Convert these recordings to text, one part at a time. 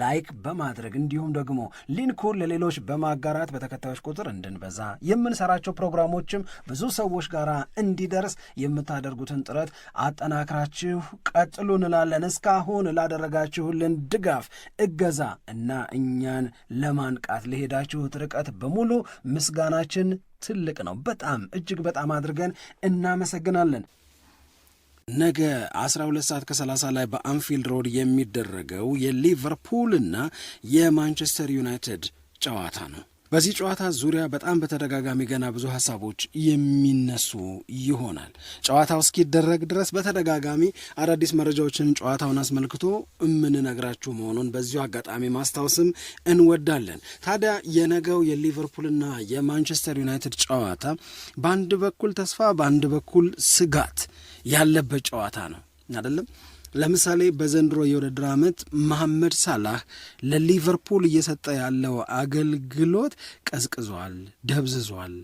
ላይክ በማድረግ እንዲሁም ደግሞ ሊንኩን ለሌሎች በማጋራት በተከታዮች ቁጥር እንድንበዛ የምንሰራቸው ፕሮግራሞችም ብዙ ሰዎች ጋር እንዲደርስ የምታደርጉትን ጥረት አጠናክራችሁ ቀጥሉ እንላለን። እስካሁን ላደረጋችሁልን ድጋፍ፣ እገዛ እና እኛን ለማንቃት ለሄዳችሁት ርቀት በሙሉ ምስጋናችን ትልቅ ነው። በጣም እጅግ በጣም አድርገን እናመሰግናለን። ነገ 12 ሰዓት ከ30 ላይ በአንፊልድ ሮድ የሚደረገው የሊቨርፑልና የማንቸስተር ዩናይትድ ጨዋታ ነው። በዚህ ጨዋታ ዙሪያ በጣም በተደጋጋሚ ገና ብዙ ሀሳቦች የሚነሱ ይሆናል። ጨዋታው እስኪደረግ ድረስ በተደጋጋሚ አዳዲስ መረጃዎችን ጨዋታውን አስመልክቶ የምንነግራችሁ መሆኑን በዚሁ አጋጣሚ ማስታወስም እንወዳለን። ታዲያ የነገው የሊቨርፑልና የማንቸስተር ዩናይትድ ጨዋታ በአንድ በኩል ተስፋ፣ በአንድ በኩል ስጋት ያለበት ጨዋታ ነው አይደለም። ለምሳሌ በዘንድሮ የውድድር ዓመት መሐመድ ሳላህ ለሊቨርፑል እየሰጠ ያለው አገልግሎት ቀዝቅዟል፣ ደብዝዟል።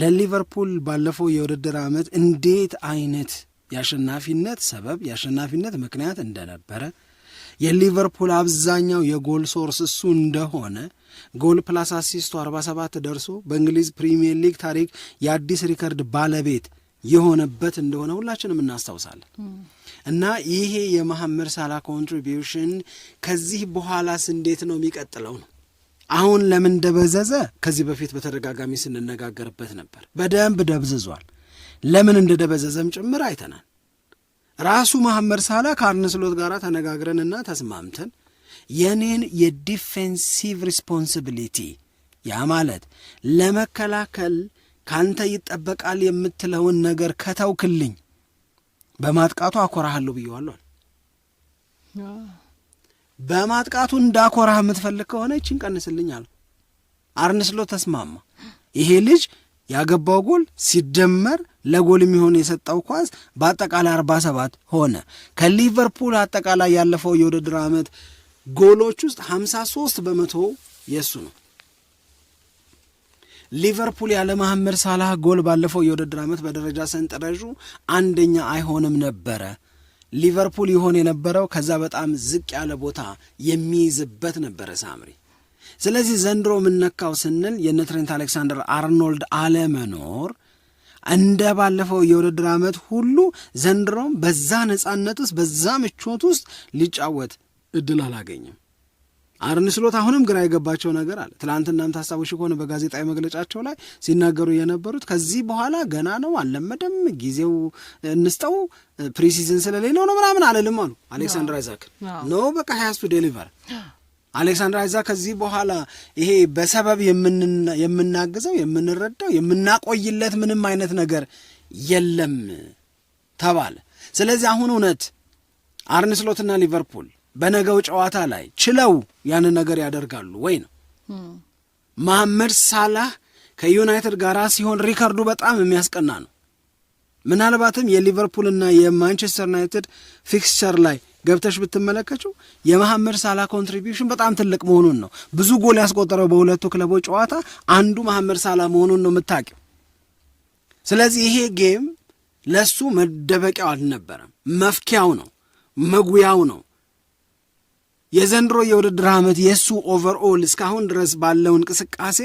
ለሊቨርፑል ባለፈው የውድድር ዓመት እንዴት አይነት የአሸናፊነት ሰበብ የአሸናፊነት ምክንያት እንደነበረ የሊቨርፑል አብዛኛው የጎል ሶርስ እሱ እንደሆነ ጎል ፕላስ አሲስቱ 47 ደርሶ በእንግሊዝ ፕሪምየር ሊግ ታሪክ የአዲስ ሪከርድ ባለቤት የሆነበት እንደሆነ ሁላችንም እናስታውሳለን እና ይሄ የመሐመድ ሳላ ኮንትሪቢሽን ከዚህ በኋላስ እንዴት ነው የሚቀጥለው ነው አሁን ለምን ደበዘዘ? ከዚህ በፊት በተደጋጋሚ ስንነጋገርበት ነበር። በደንብ ደብዝዟል። ለምን እንደደበዘዘም ጭምር አይተናል። ራሱ መሐመድ ሳላ ከአርነ ስሎት ጋር ተነጋግረንና ተስማምተን የኔን የዲፌንሲቭ ሪስፖንሲቢሊቲ ያ ማለት ለመከላከል ካንተ ይጠበቃል የምትለውን ነገር ከተውክልኝ በማጥቃቱ አኮራሃለሁ ብየዋለሁ። በማጥቃቱ እንዳኮራህ የምትፈልግ ከሆነ ይችን ቀንስልኝ አለ። አርንስሎ ተስማማ። ይሄ ልጅ ያገባው ጎል ሲደመር ለጎል የሚሆን የሰጠው ኳስ በአጠቃላይ አርባ ሰባት ሆነ። ከሊቨርፑል አጠቃላይ ያለፈው የውድድር ዓመት ጎሎች ውስጥ ሀምሳ ሶስት በመቶ የእሱ ነው። ሊቨርፑል ያለ መሐመድ ሳላህ ጎል ባለፈው የውድድር ዓመት በደረጃ ሰንጠረዡ አንደኛ አይሆንም ነበረ። ሊቨርፑል ይሆን የነበረው ከዛ በጣም ዝቅ ያለ ቦታ የሚይዝበት ነበረ ሳምሪ። ስለዚህ ዘንድሮ የምነካው ስንል የነ ትሬንት አሌክሳንደር አርኖልድ አለመኖር እንደ ባለፈው የውድድር ዓመት ሁሉ ዘንድሮም በዛ ነፃነት ውስጥ በዛ ምቾት ውስጥ ሊጫወት እድል አላገኝም። አርን ስሎት አሁንም ግራ የገባቸው ነገር አለ። ትናንትናም ታስታውሽ ከሆነ በጋዜጣዊ መግለጫቸው ላይ ሲናገሩ የነበሩት ከዚህ በኋላ ገና ነው፣ አልለመደም፣ ጊዜው እንስጠው፣ ፕሪሲዝን ስለሌለው ነው ምናምን አለልም አሉ አሌክሳንድር አይዛክ ኖ በቃ ሀያስቱ ዴሊቨር አሌክሳንድር አይዛክ ከዚህ በኋላ ይሄ በሰበብ የምናግዘው የምንረዳው የምናቆይለት ምንም አይነት ነገር የለም ተባለ። ስለዚህ አሁን እውነት አርንስሎትና ሊቨርፑል በነገው ጨዋታ ላይ ችለው ያንን ነገር ያደርጋሉ ወይ ነው። መሐመድ ሳላህ ከዩናይትድ ጋር ሲሆን ሪከርዱ በጣም የሚያስቀና ነው። ምናልባትም የሊቨርፑልና የማንቸስተር ዩናይትድ ፊክስቸር ላይ ገብተሽ ብትመለከችው የመሐመድ ሳላ ኮንትሪቢሽን በጣም ትልቅ መሆኑን ነው። ብዙ ጎል ያስቆጠረው በሁለቱ ክለቦች ጨዋታ አንዱ መሐመድ ሳላ መሆኑን ነው የምታውቂው። ስለዚህ ይሄ ጌም ለሱ መደበቂያው አልነበረም፣ መፍኪያው ነው፣ መጉያው ነው። የዘንድሮ የውድድር ዓመት የእሱ ኦቨርኦል እስካሁን ድረስ ባለው እንቅስቃሴ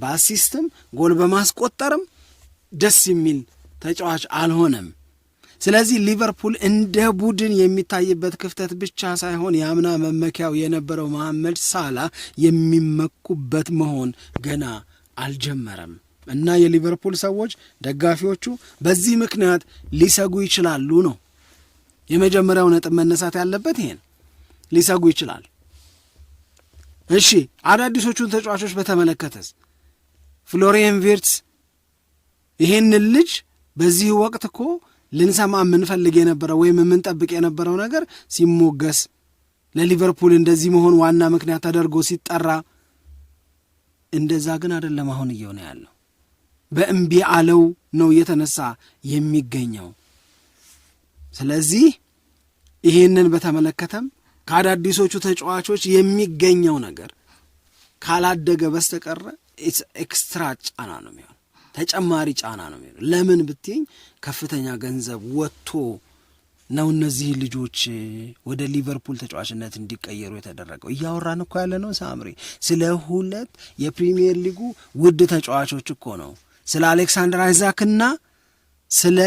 በአሲስትም ጎል በማስቆጠርም ደስ የሚል ተጫዋች አልሆነም። ስለዚህ ሊቨርፑል እንደ ቡድን የሚታይበት ክፍተት ብቻ ሳይሆን የአምና መመኪያው የነበረው መሐመድ ሳላ የሚመኩበት መሆን ገና አልጀመረም እና የሊቨርፑል ሰዎች፣ ደጋፊዎቹ በዚህ ምክንያት ሊሰጉ ይችላሉ ነው የመጀመሪያው ነጥብ መነሳት ያለበት ይሄን ሊሰጉ ይችላል። እሺ አዳዲሶቹን ተጫዋቾች በተመለከተስ ፍሎሪየን ቪርትስ ይህንን ልጅ በዚህ ወቅት እኮ ልንሰማ የምንፈልግ የነበረው ወይም የምንጠብቅ የነበረው ነገር ሲሞገስ ለሊቨርፑል እንደዚህ መሆን ዋና ምክንያት ተደርጎ ሲጠራ እንደዛ ግን አይደለም። አሁን እየሆነ ያለው በእምቢ አለው ነው እየተነሳ የሚገኘው። ስለዚህ ይሄንን በተመለከተም ከአዳዲሶቹ ተጫዋቾች የሚገኘው ነገር ካላደገ በስተቀረ ኤክስትራ ጫና ነው የሚሆን፣ ተጨማሪ ጫና ነው የሚሆን። ለምን ብትኝ ከፍተኛ ገንዘብ ወጥቶ ነው እነዚህ ልጆች ወደ ሊቨርፑል ተጫዋችነት እንዲቀየሩ የተደረገው። እያወራን እኮ ያለ ነው ሳምሪ፣ ስለ ሁለት የፕሪሚየር ሊጉ ውድ ተጫዋቾች እኮ ነው፣ ስለ አሌክሳንደር አይዛክና ስለ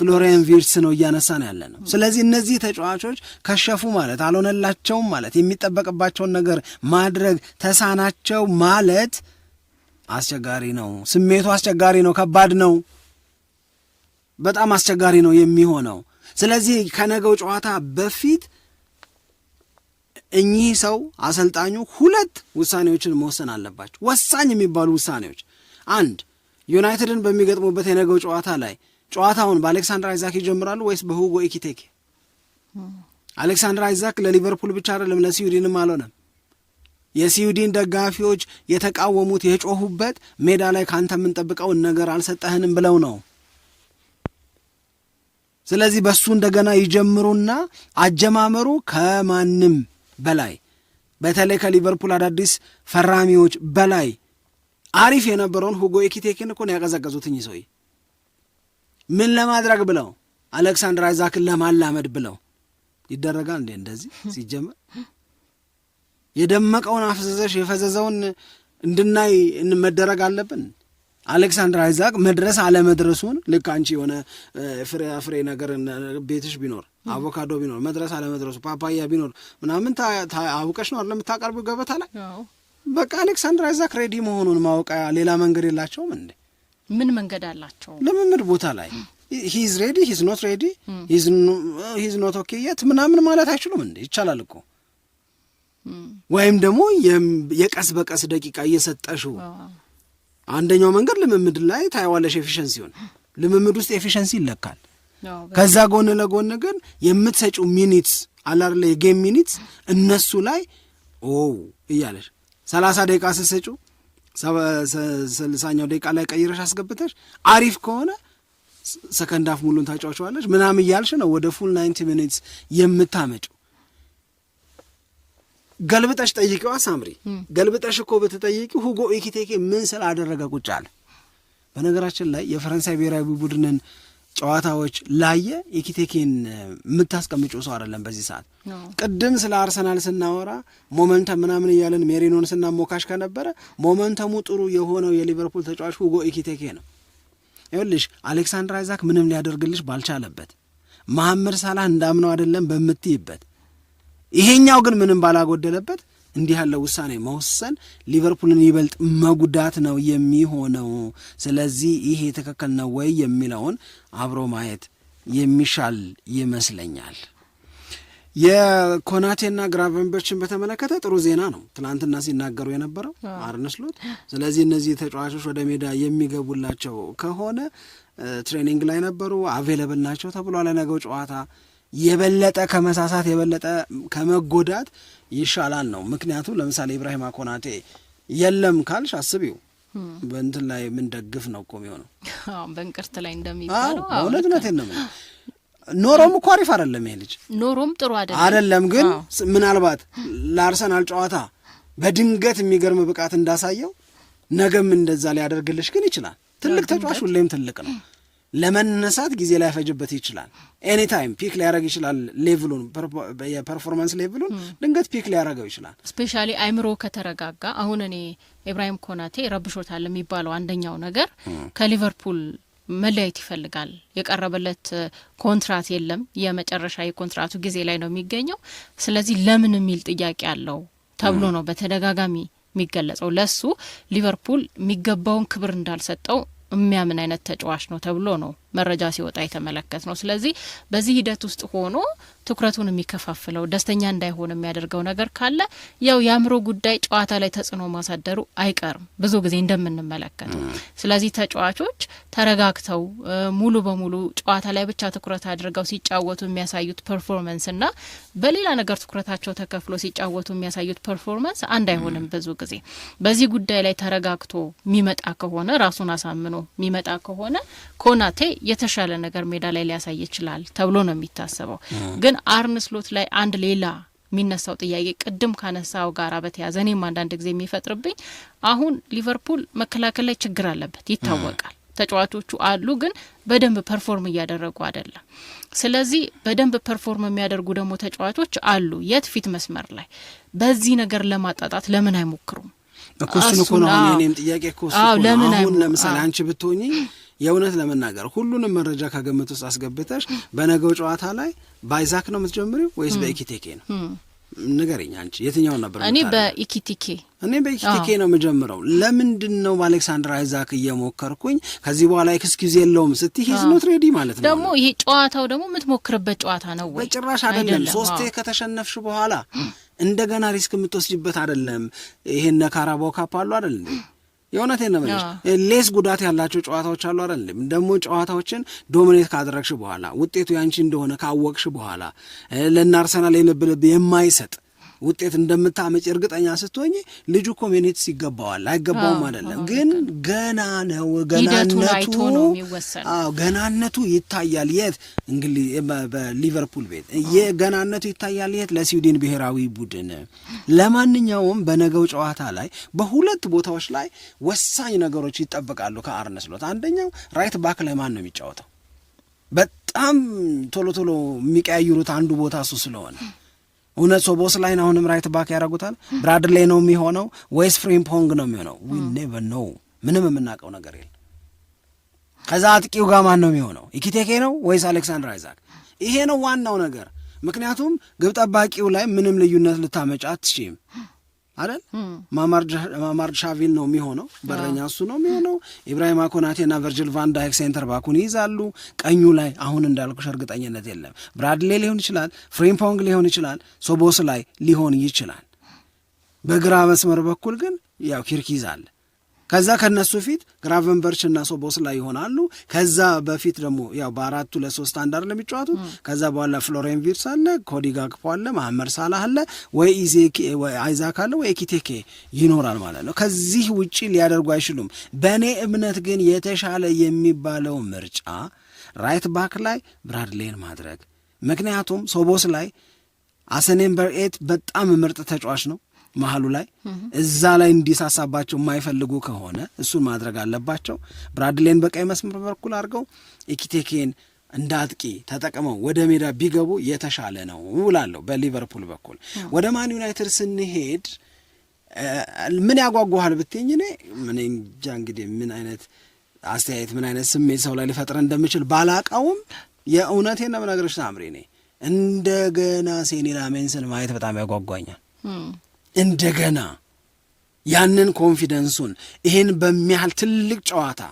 ፍሎሪያን ቪርስ ነው እያነሳን ያለ ነው። ስለዚህ እነዚህ ተጫዋቾች ከሸፉ ማለት አልሆነላቸውም ማለት የሚጠበቅባቸውን ነገር ማድረግ ተሳናቸው ማለት አስቸጋሪ ነው። ስሜቱ አስቸጋሪ ነው፣ ከባድ ነው፣ በጣም አስቸጋሪ ነው የሚሆነው። ስለዚህ ከነገው ጨዋታ በፊት እኚህ ሰው አሰልጣኙ ሁለት ውሳኔዎችን መወሰን አለባቸው፣ ወሳኝ የሚባሉ ውሳኔዎች። አንድ ዩናይትድን በሚገጥሙበት የነገው ጨዋታ ላይ ጨዋታውን በአሌክሳንድር አይዛክ ይጀምራሉ ወይስ በሁጎ ኢኪቴኬ? አሌክሳንድር አይዛክ ለሊቨርፑል ብቻ አይደለም ለስዊድንም አልሆነም። የስዊድን ደጋፊዎች የተቃወሙት የጮሁበት ሜዳ ላይ ካንተ የምንጠብቀውን ነገር አልሰጠህንም ብለው ነው። ስለዚህ በሱ እንደገና ይጀምሩና አጀማመሩ ከማንም በላይ በተለይ ከሊቨርፑል አዳዲስ ፈራሚዎች በላይ አሪፍ የነበረውን ሁጎ ኢኪቴኬን እኮ ነው ያቀዘቀዙትኝ ሰውዬ ምን ለማድረግ ብለው አሌክሳንድር አይዛክን ለማላመድ ብለው ይደረጋል እንዴ? እንደዚህ ሲጀመር የደመቀውን አፍዘዘሽ የፈዘዘውን እንድናይ መደረግ አለብን። አሌክሳንድር አይዛክ መድረስ አለመድረሱን ልክ አንቺ የሆነ ፍሬ ነገር ቤትሽ ቢኖር አቮካዶ ቢኖር መድረስ አለመድረሱ ፓፓያ ቢኖር ምናምን አውቀሽ ነው ለምታቀርቡ ገበታ ላይ በቃ አሌክሳንድር አይዛክ ሬዲ መሆኑን ማወቅ ሌላ መንገድ የላቸውም እንዴ? ምን መንገድ አላቸው? ልምምድ ቦታ ላይ ሂዝ ሬዲ ሂዝ ኖት ሬዲ ሂዝ ኖት ኦኬ የት ምናምን ማለት አይችሉም እንዴ? ይቻላል እኮ ወይም ደግሞ የቀስ በቀስ ደቂቃ እየሰጠሹ አንደኛው መንገድ ልምምድ ላይ ታይዋለሽ። ኤፊሽንሲ ሆን ልምምድ ውስጥ ኤፊሽንሲ ይለካል። ከዛ ጎን ለጎን ግን የምትሰጪው ሚኒትስ አላርለ የጌም ሚኒትስ እነሱ ላይ ኦ እያለሽ ሰላሳ ደቂቃ ስትሰጪው ስልሳኛው ደቂቃ ላይ ቀይረሽ አስገብተሽ አሪፍ ከሆነ ሰከንድ ሙሉን ታጫውቸዋለች ምናምን እያልሽ ነው ወደ ፉል ናይንቲ ሚኒትስ የምታመጭው። ገልብጠሽ ጠይቂዋ ሳምሪ፣ ገልብጠሽ እኮ ብትጠይቂ ሁጎ ኢኪቴኬ ምን ስላደረገ ቁጭ አለ። በነገራችን ላይ የፈረንሳይ ብሔራዊ ቡድንን ጨዋታዎች ላየ ኢኪቴኬን የምታስቀምጩ ሰው አይደለም። በዚህ ሰዓት ቅድም ስለ አርሰናል ስናወራ ሞመንተም ምናምን እያለን ሜሪኖን ስናሞካሽ ከነበረ ሞመንተሙ ጥሩ የሆነው የሊቨርፑል ተጫዋች ሁጎ ኢኪቴኬ ነው። ይኸውልሽ አሌክሳንድር አይዛክ ምንም ሊያደርግልሽ ባልቻለበት፣ መሐመድ ሳላህ እንዳምነው አይደለም በምትይበት፣ ይሄኛው ግን ምንም ባላጎደለበት እንዲህ ያለው ውሳኔ መወሰን ሊቨርፑልን ይበልጥ መጉዳት ነው የሚሆነው። ስለዚህ ይሄ ትክክል ነው ወይ የሚለውን አብሮ ማየት የሚሻል ይመስለኛል። የኮናቴና ግራቨንበርችን በተመለከተ ጥሩ ዜና ነው ትናንትና ሲናገሩ የነበረው አርነ ስሎት። ስለዚህ እነዚህ ተጫዋቾች ወደ ሜዳ የሚገቡላቸው ከሆነ ትሬኒንግ ላይ ነበሩ፣ አቬለብል ናቸው ተብሏል ለነገው ጨዋታ የበለጠ ከመሳሳት የበለጠ ከመጎዳት ይሻላል ነው። ምክንያቱም ለምሳሌ ኢብራሂማ ኮናቴ የለም ካልሽ አስቢው በእንትን ላይ ምን ደግፍ ነው እኮ የሚሆነው በእንቅርት ላይ እንደሚባለው እውነትነት ነው። ኖሮም እኮ አሪፍ አይደለም ይሄ ልጅ ኖሮም ጥሩ አይደለም። ግን ምናልባት ለአርሰናል ጨዋታ በድንገት የሚገርም ብቃት እንዳሳየው ነገም እንደዛ ሊያደርግልሽ ግን ይችላል። ትልቅ ተጫዋች ሁሌም ትልቅ ነው። ለመነሳት ጊዜ ላይፈጅበት ይችላል። ኤኒታይም ፒክ ሊያደረግ ይችላል። ሌቭሉን የፐርፎርማንስ ሌቭሉን ድንገት ፒክ ሊያደረገው ይችላል። ስፔሻሊ አይምሮ ከተረጋጋ አሁን እኔ ኢብራሂም ኮናቴ ረብሾታል የሚባለው አንደኛው ነገር ከሊቨርፑል መለያየት ይፈልጋል። የቀረበለት ኮንትራት የለም። የመጨረሻ የኮንትራቱ ጊዜ ላይ ነው የሚገኘው። ስለዚህ ለምን የሚል ጥያቄ አለው ተብሎ ነው በተደጋጋሚ የሚገለጸው። ለሱ ሊቨርፑል የሚገባውን ክብር እንዳልሰጠው የሚያምን አይነት ተጫዋች ነው ተብሎ ነው መረጃ ሲወጣ የተመለከት ነው። ስለዚህ በዚህ ሂደት ውስጥ ሆኖ ትኩረቱን የሚከፋፍለው ደስተኛ እንዳይሆን የሚያደርገው ነገር ካለ ያው የአእምሮ ጉዳይ ጨዋታ ላይ ተጽዕኖ ማሳደሩ አይቀርም ብዙ ጊዜ እንደምንመለከተው። ስለዚህ ተጫዋቾች ተረጋግተው ሙሉ በሙሉ ጨዋታ ላይ ብቻ ትኩረት አድርገው ሲጫወቱ የሚያሳዩት ፐርፎርመንስና በሌላ ነገር ትኩረታቸው ተከፍሎ ሲጫወቱ የሚያሳዩት ፐርፎርመንስ አንድ አይሆንም። ብዙ ጊዜ በዚህ ጉዳይ ላይ ተረጋግቶ የሚመጣ ከሆነ ራሱን አሳምኖ የሚመጣ ከሆነ ኮናቴ የተሻለ ነገር ሜዳ ላይ ሊያሳይ ይችላል ተብሎ ነው የሚታሰበው። ግን አርነ ስሎት ላይ አንድ ሌላ የሚነሳው ጥያቄ ቅድም ካነሳው ጋር በተያያዘ እኔም አንዳንድ ጊዜ የሚፈጥርብኝ አሁን ሊቨርፑል መከላከል ላይ ችግር አለበት ይታወቃል። ተጫዋቾቹ አሉ፣ ግን በደንብ ፐርፎርም እያደረጉ አይደለም። ስለዚህ በደንብ ፐርፎርም የሚያደርጉ ደግሞ ተጫዋቾች አሉ የት ፊት መስመር ላይ በዚህ ነገር ለማጣጣት ለምን አይሞክሩም? እኮ እሱን እኮ ነው እኔም ጥያቄ እኮ እሱ ለምን አሁን ለምሳሌ አንቺ ብትሆኚ የእውነት ለመናገር ሁሉንም መረጃ ከግምት ውስጥ አስገብተሽ በነገው ጨዋታ ላይ በአይዛክ ነው የምትጀምሪው ወይስ በኢኪቴኬ ነው? ንገረኝ አንቺ የትኛውን ነበር? እኔ በኢኪቲኬ እኔ በኢኪቲኬ ነው የምጀምረው። ለምንድን ነው በአሌክሳንደር አይዛክ እየሞከርኩኝ ከዚህ በኋላ ኤክስኪውዝ የለውም ስትይ ሂዝ ኖት ሬዲ ማለት ነው። ደግሞ ይሄ ጨዋታው ደግሞ የምትሞክርበት ጨዋታ ነው ወይ? በጭራሽ አይደለም። ሶስቴ ከተሸነፍሽ በኋላ እንደገና ሪስክ የምትወስጅበት አይደለም። ይሄን ነካራቦ ካፓሉ አይደለም የእውነቴን ነው የምልሽ። ሌስ ጉዳት ያላቸው ጨዋታዎች አሉ አይደለም። ደግሞ ጨዋታዎችን ዶሚኔት ካደረግሽ በኋላ ውጤቱ ያንቺ እንደሆነ ካወቅሽ በኋላ ለእነ አርሰናል የልብ ልብ የማይሰጥ ውጤት እንደምታመጭ እርግጠኛ ስትሆኝ ልጁ ኮሚኒቲስ ይገባዋል አይገባውም አይደለም፣ ግን ገና ነው። ገናነቱ ገናነቱ ይታያል። የት እንግሊዝ በሊቨርፑል ቤት የገናነቱ ይታያል። የት ለስዊድን ብሔራዊ ቡድን። ለማንኛውም በነገው ጨዋታ ላይ በሁለት ቦታዎች ላይ ወሳኝ ነገሮች ይጠበቃሉ ከአርነ ስሎት። አንደኛው ራይት ባክ ላይ ማን ነው የሚጫወተው? በጣም ቶሎ ቶሎ የሚቀያይሩት አንዱ ቦታ እሱ ስለሆነ እውነት ሶቦስ ላይን አሁንም ራይት ባክ ያደርጉታል? ብራድሌ ነው የሚሆነው ወይስ ፍሪምፖንግ ነው የሚሆነው? ዊ ኔቨር ነው። ምንም የምናውቀው ነገር የለ። ከዛ አጥቂው ጋር ማን ነው የሚሆነው? ኢኪቴኬ ነው ወይስ አሌክሳንድር አይዛክ? ይሄ ነው ዋናው ነገር። ምክንያቱም ግብ ጠባቂው ላይ ምንም ልዩነት ልታመጫ አትችም። አይደል ማማር ሻቪል ነው የሚሆነው፣ በረኛ እሱ ነው የሚሆነው። ኢብራሂማ ኮናቴ እና ቨርጅል ቫንዳይክ ሴንተር ባኩን ይይዛሉ። ቀኙ ላይ አሁን እንዳልኩሽ እርግጠኝነት የለም። ብራድሌ ሊሆን ይችላል፣ ፍሬምፖንግ ሊሆን ይችላል፣ ሶቦስ ላይ ሊሆን ይችላል። በግራ መስመር በኩል ግን ያው ኪርኪዝ አለ። ከዛ ከነሱ ፊት ግራቨንበርች እና ሶቦስ ላይ ይሆናሉ። ከዛ በፊት ደግሞ ያው በአራቱ ለሶስት አንድ አይደል የሚጫወቱት። ከዛ በኋላ ፍሎሬን ቪርስ አለ፣ ኮዲ ጋክፖ አለ፣ መሐመድ ሳላህ አለ፣ ወይ አይዛክ አለ፣ ወይ ኪቴኬ ይኖራል ማለት ነው። ከዚህ ውጪ ሊያደርጉ አይችሉም። በእኔ እምነት ግን የተሻለ የሚባለው ምርጫ ራይት ባክ ላይ ብራድሌን ማድረግ ምክንያቱም ሶቦስ ላይ አሰኔምበር ኤት በጣም ምርጥ ተጫዋች ነው። መሀሉ ላይ እዛ ላይ እንዲሳሳባቸው የማይፈልጉ ከሆነ እሱን ማድረግ አለባቸው። ብራድሌን በቀይ መስመር በኩል አድርገው ኢኪቴኬን እንደ አጥቂ ተጠቅመው ወደ ሜዳ ቢገቡ የተሻለ ነው እላለሁ። በሊቨርፑል በኩል ወደ ማን ዩናይትድ ስንሄድ ምን ያጓጓሃል ብትኝ እኔ ምን እንጃ እንግዲህ ምን አይነት አስተያየት ምን አይነት ስሜት ሰው ላይ ሊፈጥር እንደምችል ባላቃውም የእውነቴን ነው የምነግርሽ ታምሬ እኔ እንደገና ሴኒ ላሜንስን ማየት በጣም ያጓጓኛል። እንደገና ያንን ኮንፊደንሱን ይህን በሚያህል ትልቅ ጨዋታ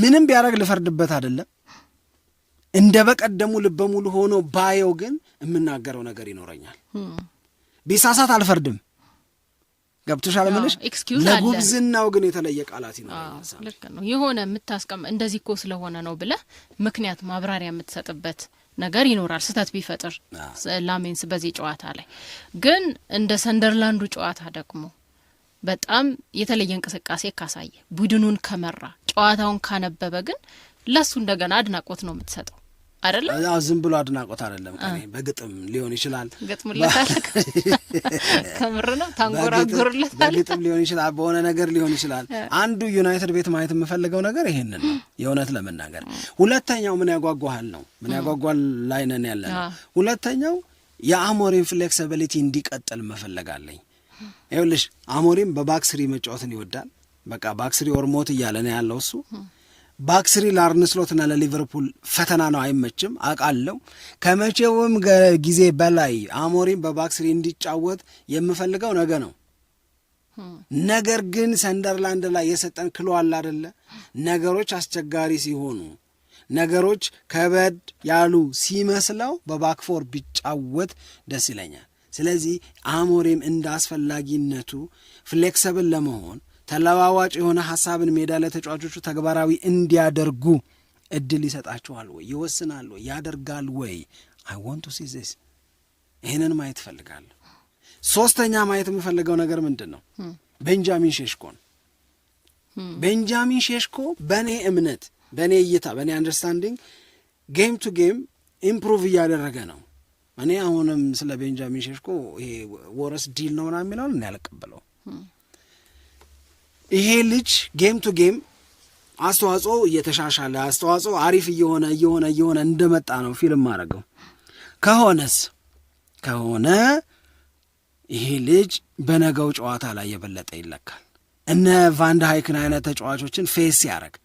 ምንም ቢያደርግ ልፈርድበት አይደለም። እንደ በቀደሙ ልበ ሙሉ ሆኖ ባየው ግን የምናገረው ነገር ይኖረኛል። hmm. ቢሳሳት አልፈርድም። ገብቶሻል እምልሽ ለጉብዝናው ግን የተለየ ቃላት ይኖረኛል። ልክ ነው የሆነ የምታስቀም እንደዚህ እኮ ስለሆነ ነው ብለህ ምክንያት ማብራሪያ የምትሰጥበት ነገር ይኖራል ስህተት ቢፈጥር ላሜንስ በዚህ ጨዋታ ላይ ግን እንደ ሰንደርላንዱ ጨዋታ ደግሞ በጣም የተለየ እንቅስቃሴ ካሳየ ቡድኑን ከመራ ጨዋታውን ካነበበ ግን ለሱ እንደገና አድናቆት ነው የምትሰጠው። አይደለም ዝም ብሎ አድናቆት አይደለም። ከኔ በግጥም ሊሆን ይችላል። ገጥሙለታል። ከምር ነው ታንጎራጉርለታል። በግጥም ሊሆን ይችላል። በሆነ ነገር ሊሆን ይችላል። አንዱ ዩናይትድ ቤት ማየት የምፈልገው ነገር ይሄንን ነው የእውነት ለመናገር። ሁለተኛው ምን ያጓጓሃል ነው ምን ያጓጓል ላይ ነን ያለ ነው። ሁለተኛው የአሞሪም ፍሌክሲቢሊቲ እንዲቀጥል መፈለጋለኝ። ይኸውልሽ አሞሪም በባክስሪ መጫወትን ይወዳል። በቃ ባክስሪ ኦርሞት እያለ ነው ያለው እሱ ባክስሪ ለአርንስሎትና ለሊቨርፑል ፈተና ነው። አይመችም አውቃለሁ። ከመቼውም ጊዜ በላይ አሞሪም በባክስሪ እንዲጫወት የምፈልገው ነገ ነው። ነገር ግን ሰንደርላንድ ላይ የሰጠን ክሎ አለ አደለ? ነገሮች አስቸጋሪ ሲሆኑ፣ ነገሮች ከበድ ያሉ ሲመስለው በባክፎር ቢጫወት ደስ ይለኛል። ስለዚህ አሞሪም እንደ አስፈላጊነቱ ፍሌክሰብል ለመሆን ተለዋዋጭ የሆነ ሀሳብን ሜዳ ለተጫዋቾቹ ተጫዋቾቹ ተግባራዊ እንዲያደርጉ እድል ይሰጣችኋል ወይ? ይወስናል ወይ? ያደርጋል ወይ? አይ ወንቱ ሲዜስ ይህንን ማየት እፈልጋለሁ። ሶስተኛ ማየት የምፈልገው ነገር ምንድን hmm. ነው? ቤንጃሚን hmm. ሼሽኮን ቤንጃሚን ሼሽኮ በእኔ እምነት፣ በእኔ እይታ፣ በእኔ አንደርስታንዲንግ ጌም ቱ ጌም ኢምፕሩቭ እያደረገ ነው። እኔ አሁንም ስለ ቤንጃሚን ሼሽኮ ይሄ ወረስ ዲል ነው የሚለውን እኔ ይሄ ልጅ ጌም ቱ ጌም አስተዋጽኦ እየተሻሻለ አስተዋጽኦ አሪፍ እየሆነ እየሆነ እየሆነ እንደመጣ ነው ፊልም ማድረገው። ከሆነስ ከሆነ ይሄ ልጅ በነገው ጨዋታ ላይ የበለጠ ይለካል። እነ ቫንድ ሃይክን አይነት ተጫዋቾችን ፌስ ያደረግ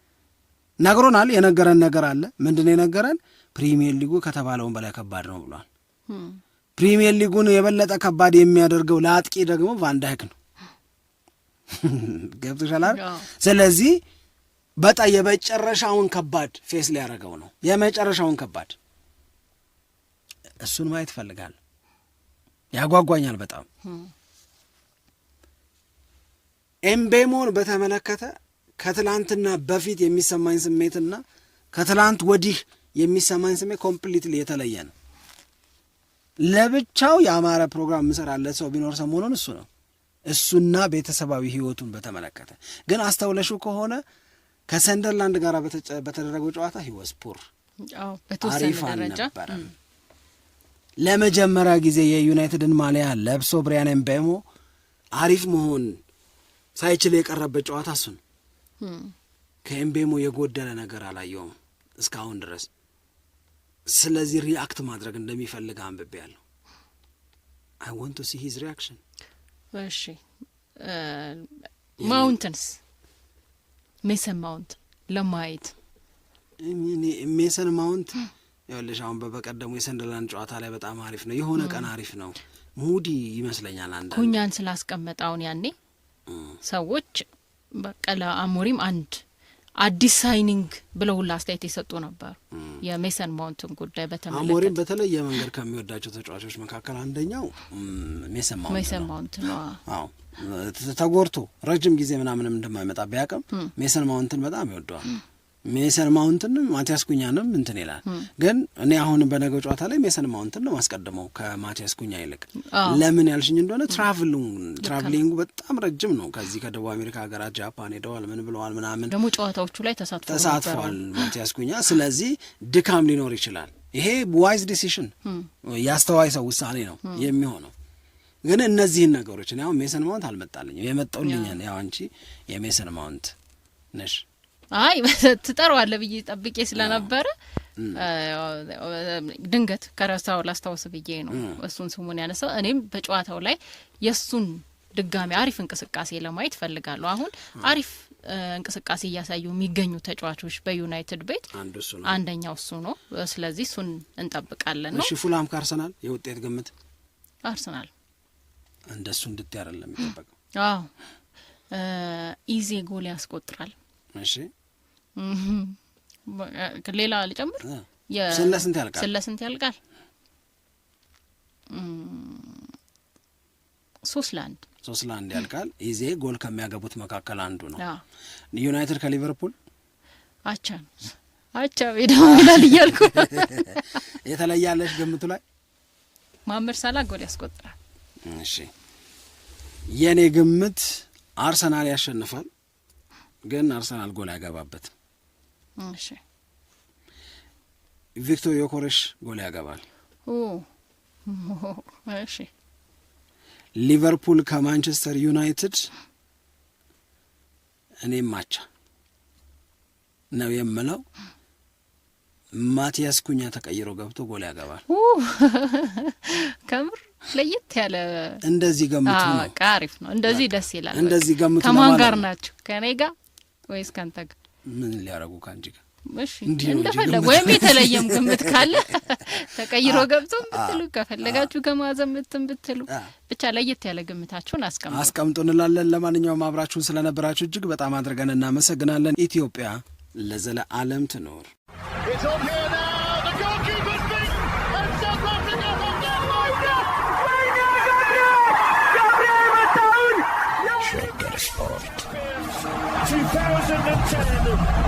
ነግሮናል። የነገረን ነገር አለ። ምንድን የነገረን? ፕሪሚየር ሊጉ ከተባለውን በላይ ከባድ ነው ብሏል። ፕሪሚየር ሊጉን የበለጠ ከባድ የሚያደርገው ለአጥቂ ደግሞ ቫንዳይክ ነው። ገብቶሻል። ስለዚህ በጣ የመጨረሻውን ከባድ ፌስ ሊያደርገው ነው። የመጨረሻውን ከባድ እሱን ማየት ይፈልጋል ያጓጓኛል በጣም ኤምቤሞን በተመለከተ ከትላንትና በፊት የሚሰማኝ ስሜትና ከትላንት ወዲህ የሚሰማኝ ስሜት ኮምፕሊትሊ የተለየ ነው። ለብቻው የአማረ ፕሮግራም ምሰራለት ሰው ቢኖር ሰሞኑን እሱ ነው። እሱና ቤተሰባዊ ህይወቱን በተመለከተ ግን አስተውለሹ ከሆነ ከሰንደርላንድ ጋር በተደረገው ጨዋታ ህወስ ፑር አሪፍ አልነበረም። ለመጀመሪያ ጊዜ የዩናይትድን ማሊያ ለብሶ ብሪያን ኤምቤሞ አሪፍ መሆን ሳይችል የቀረበት ጨዋታ እሱን ከኤምቤሞ የጎደለ ነገር አላየውም እስካሁን ድረስ። ስለዚህ ሪአክት ማድረግ እንደሚፈልግ አንብቤ ያለሁ አይ ወንት ቱ ሲ ሂዝ ሪአክሽን እሺ ማውንትንስ ሜሰን ማውንት ለማየት ሜሰን ማውንት ይኸውልሽ አሁን በበቀደሙ የሰንደላንድ ጨዋታ ላይ በጣም አሪፍ ነው የሆነ ቀን አሪፍ ነው ሙዲ ይመስለኛል አንድ ኩኛን ስላስቀመጠ አሁን ያኔ ሰዎች በቀለ አሞሪም አንድ አዲስ ሳይኒንግ ብለው ሁላ አስተያየት የሰጡ ነበሩ። የሜሰን ማውንትን ጉዳይ በተመለከተ አሞሪም በተለየ መንገድ ከሚወዳቸው ተጫዋቾች መካከል አንደኛው ሜሰን ማውንት ነው። አዎ ተጎርቶ ረጅም ጊዜ ምናምንም እንደማይመጣ ቢያቅም ሜሰን ማውንትን በጣም ይወደዋል። ሜሰን ማውንትንም ማቲያስ ኩኛንም እንትን ይላል። ግን እኔ አሁን በነገው ጨዋታ ላይ ሜሰን ማውንትን ነው ማስቀድመው ከማቲያስ ኩኛ ይልቅ። ለምን ያልሽኝ እንደሆነ ትራቭሊንጉ በጣም ረጅም ነው። ከዚህ ከደቡብ አሜሪካ ሀገራት ጃፓን ሄደዋል፣ ምን ብለዋል፣ ምናምን ደግሞ ጨዋታዎቹ ላይ ተሳትፏል ማቲያስ ኩኛ። ስለዚህ ድካም ሊኖር ይችላል። ይሄ ዋይዝ ዲሲሽን ያስተዋይ ሰው ውሳኔ ነው የሚሆነው ግን እነዚህን ነገሮች እኔ አሁን ሜሰን ማውንት አልመጣልኝም። የመጣውልኝ ያው አንቺ የሜሰን ማውንት ነሽ አይ ትጠራዋለህ ብዬ ጠብቄ ስለነበረ ድንገት ከረሳው ላስታውስ ብዬ ነው እሱን ስሙን ያነሳው። እኔም በጨዋታው ላይ የእሱን ድጋሚ አሪፍ እንቅስቃሴ ለማየት ፈልጋለሁ። አሁን አሪፍ እንቅስቃሴ እያሳዩ የሚገኙ ተጫዋቾች በዩናይትድ ቤት አንደኛው እሱ ነው። ስለዚህ እሱን እንጠብቃለን ነው። ፉላም ከአርሰናል የውጤት ግምት አርሰናል እንደሱ እንድት ያደለ የሚጠበቀው። አዎ ኢዜ ጎል ያስቆጥራል እሺ ሌላ ልጨምር። ስለስንት ያልቃል? ስለስንት ያልቃል? ሶስት ለአንድ ሶስት ለአንድ ያልቃል። ይዜ ጎል ከሚያገቡት መካከል አንዱ ነው። ዩናይትድ ከሊቨርፑል አቻ ነው። አቻ ሄደ ይላል እያልኩ የተለያለሽ ያለሽ ገምቱ ላይ ማመር ሳላ ጎል ያስቆጥራል። እሺ የእኔ ግምት አርሰናል ያሸንፋል። ግን አርሰናል ጎል አያገባበትም። ቪክቶር ዮኮሬሽ ጎል ያገባል። ሊቨርፑል ከማንቸስተር ዩናይትድ እኔም አቻ ነው የምለው። ማቲያስ ኩኛ ተቀይሮ ገብቶ ጎል ያገባል። ከምር ለየት ያለ እንደዚህ ገምቱ ነው። አሪፍ ነው። እንደዚህ ደስ ይላል። እንደዚህ ገምቱ። ከማን ጋር ናቸው? ከእኔ ጋር ወይስ ካንተ ጋር ምን ሊያረጉ ከአንቺ ጋር እንደፈለጉ ወይም የተለየም ግምት ካለ ተቀይሮ ገብቶ ብትሉ ከፈለጋችሁ ከማዘን ምትን ብትሉ ብቻ ለየት ያለ ግምታችሁን አስቀምጡ አስቀምጡ እንላለን። ለማንኛውም አብራችሁን ስለነበራችሁ እጅግ በጣም አድርገን እናመሰግናለን። ኢትዮጵያ ለዘለዓለም ትኖር። 2010